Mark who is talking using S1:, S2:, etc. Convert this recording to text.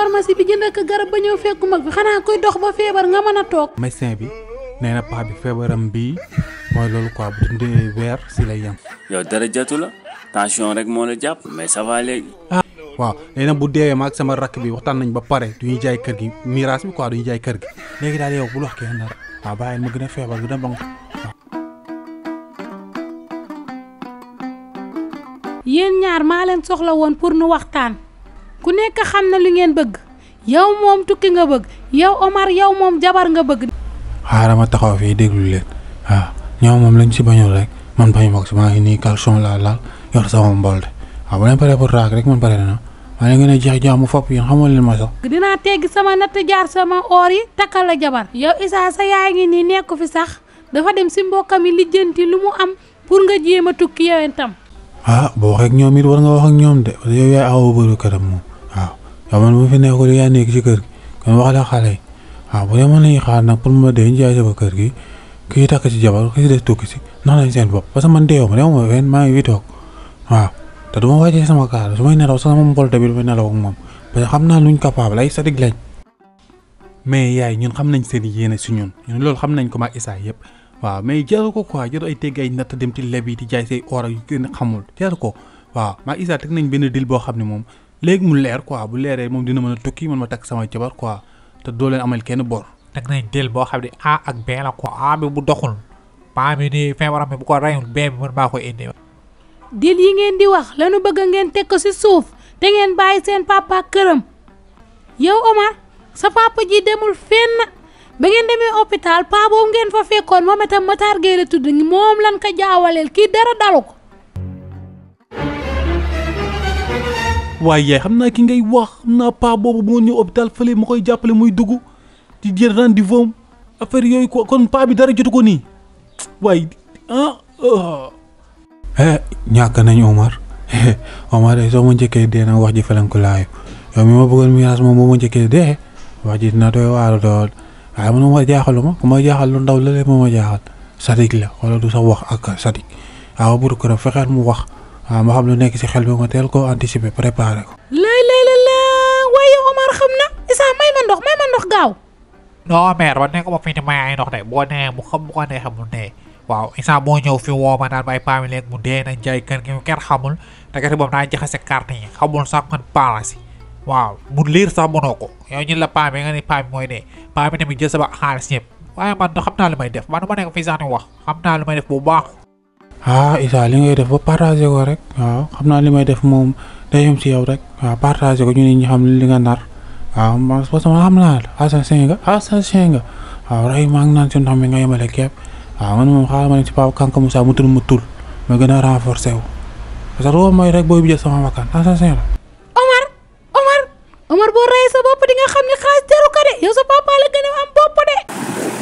S1: pharmacie bi jënd ak garab ba ñëw fekku mag bi xanaa koy dox ba feebar nga mën a toog.
S2: médecin bi nee na bi feebaram bi mooy loolu quoi bu dundee weer si lay yem. yow dara jatu la tension rek moo la jàpp mais ça léegi. Ah. waaw léegi bu deewee ma ak bi waxtaan nañ ba pare du ñuy jaay kër gi miraas bi kër gi léegi daal yow bul wax kenn dara waaw gën a feebar gën
S1: a ñaar maa leen soxla woon pour nu waxtaan. ku nekk xam na lu ngeen bëgg yow moom tukki nga bëgg yow Omar yow moom jabar nga bëgg.
S2: xaaral ma taxaw fii déglu leen waaw ah, ñoom moom lañ si bañul rek man bañu ma ko si maa ngi nii calcium laa a ah, jeex jaamu fopp yéen xamoo leen
S1: yi takkal la jabar. yow Issa ngi nii nekku fi sax dafa dem si mbokkam yi lijjanti lu mu am pour nga jéem tukki yow itam.
S2: ah boo ñoom it war nga wax ak ñoom de yow yaay aw bëri këram moom. ah yow man bu fi nekkul yaa nekk ci kër gi kon wax la xale yi waaw bu dee mën nañu xaar nag pour ma dee ñu jaay sama kër gi kii takk ci jabar ki ci des tukki si nax nañ seen bopp parce que man deewu ma deewu ma fenn maa ngi fi toog waaw du ma wàccee sama kaar su may nelaw sama mbolte bi moom parce que xam naa luñ capable ay sadik lañ mais yaay ñun xam nañ seen yéene si ñun ñun loolu xam nañ ko ma isaa yëpp waaw mais jaru ko quoi jaru ay tegg ay natt dem ci leb yi di jaay say or ak yu jaru ko waaw maa isaa teg nañ benn dil boo xam ne moom léegi mu leer quoi
S3: bu leeree moom dina mën a tukki man ma takk samay jabar quoi te doo leen amal kenn bor. teg nañ del boo xam ne A ak B la quoi. bi bu doxul. paa bi bu ko reyul B bi
S1: bëgg ngeen teg ko ci te ngeen bàyyi seen papa këram. yow Omar sa fenn ba ngeen demee hôpital paa boobu ngeen fa fekkoon moom itam Matar Gueye tudd moom lan ko jaawaleel kii dara dalu ko.
S2: waaye yaay xam naa ki ngay wax xam naa paa boobu moo ñëw hôpital fële ma koy jàppale muy dugg di jël rendez-vous am affaire yooyu ko kon paa bi dara jotu ko nii waaye ah. ah. Eh, ñàkk nañu Omar eh, eh, soo ma njëkkee dee na wax ji felenku laayu yow mi ma bëggoon miraas moom ma njëkkee dee wax ji dina doy waar dool waaye ah, man Omar jaaxaluma ku ma jaaxal lu ndaw la moom moo ma jaaxal sadik la wala du sax wax ak sadik waaw ah, bu ko fexeel mu wax. waaw ma xam lu nekk ci xel bi ma teel ko anticiper préparer ko.
S1: lay lay la la waaye Omar xam na Isa may ma ndox may ma ndox gaaw.
S3: non mère ba nekk ba fi ni may ay ndox de boo nee mu xam bu ko nee xamul ne waaw Isa boo ñëw fi woo ma naan ba ay paa mi léegi mu dee nañ jaay kër gi kenn xamul ndekete boobu naa jaxase carte yi xamul sax man paalasi waaw mu liir sax mënoo ko yow ñu la paa mi nga ni paa mi mooy dee paa mi tamit jël sama xaalis ñëpp waaye man xam naa lu may def man ma nekk fii sax ni wax xam naa lu may def bu baax. ah Issa li
S2: ngay def ba partagé ko rek waaw xam naa li may def moom day yem si yow rek waaw partagé ko ñu ne ñu xam li nga nar waaw man parce que xam naa la assassin nga assassin nga waaw rey maa ngi naan si ndox mi nga yemale képp waaw man moom xaaral si Pape Kanka Moussa mu tul mu tul ma gën a renforcer wu parce que mooy rek booy bi jël sama bakkan assassin la. Omar
S1: Omar Omar boo rey sa bopp di xam ne xaalis jaru de yow sa papa la gën a bopp